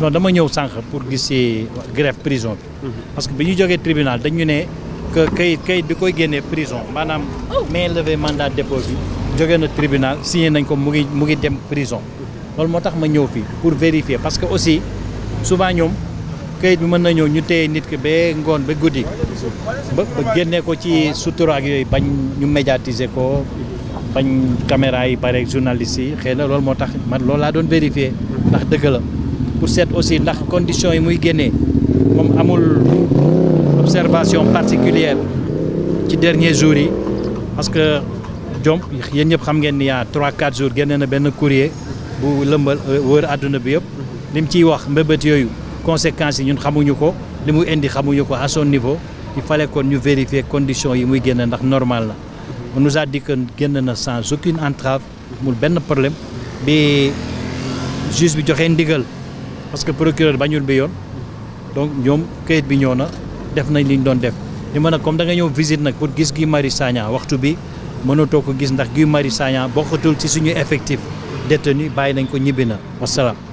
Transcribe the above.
non dama ñëw sànq pour gis si prison bi. Mhm. parce que bi ñu jógee tribunal dañu ne que kayit kayit bi koy génnee prison maanaam oh. mainlevé mandat dépôt bi jóge na tribunal signé nañ ko mu ngi mu ngi dem prison. Mhm. loolu moo tax ma ñëw fii pour vérifier parce que aussi souvent ñoom kayit bi mën na ñu téye nit ki ba ngoon ba guddi ba ba ko ci sutura ak yooyu bañ ñu médiatiser ko bañ caméra yi bare journalistes yi xëy na loolu moo tax man loolu laa doon vérifier mhm. ndax pour seet aussi ndax conditions yi muy génne moom amul observation particulière ci dernier jour yi parce que Diome yéen ñëpp xam ngeen ni yaa trois quatre jours génne na benn courrier bu lëmbal euh, wër àdduna bi yëpp li ciy wax mbébét yooyu conséquence yi ñun xamuñu ko li mu indi xamuñu ko à son niveau il fallait kon ñu vérifier conditions yi muy génne ndax normal na on nous a génn na sans aucune entrave amul benn problème bi juge bi joxe ndigal parce que procureur bañul bi yoon donc ñoom kayit bi ñëw na def nañ li ñu doon def li ma nag comme da nga ñëw visite nag pour gis Guy mari Sagna waxtu bi mënatoo ko gis ndax Guy Marius Sagna bokkatul ci suñu effectif détenu bàyyi nañ ko ñibbi na wasalaam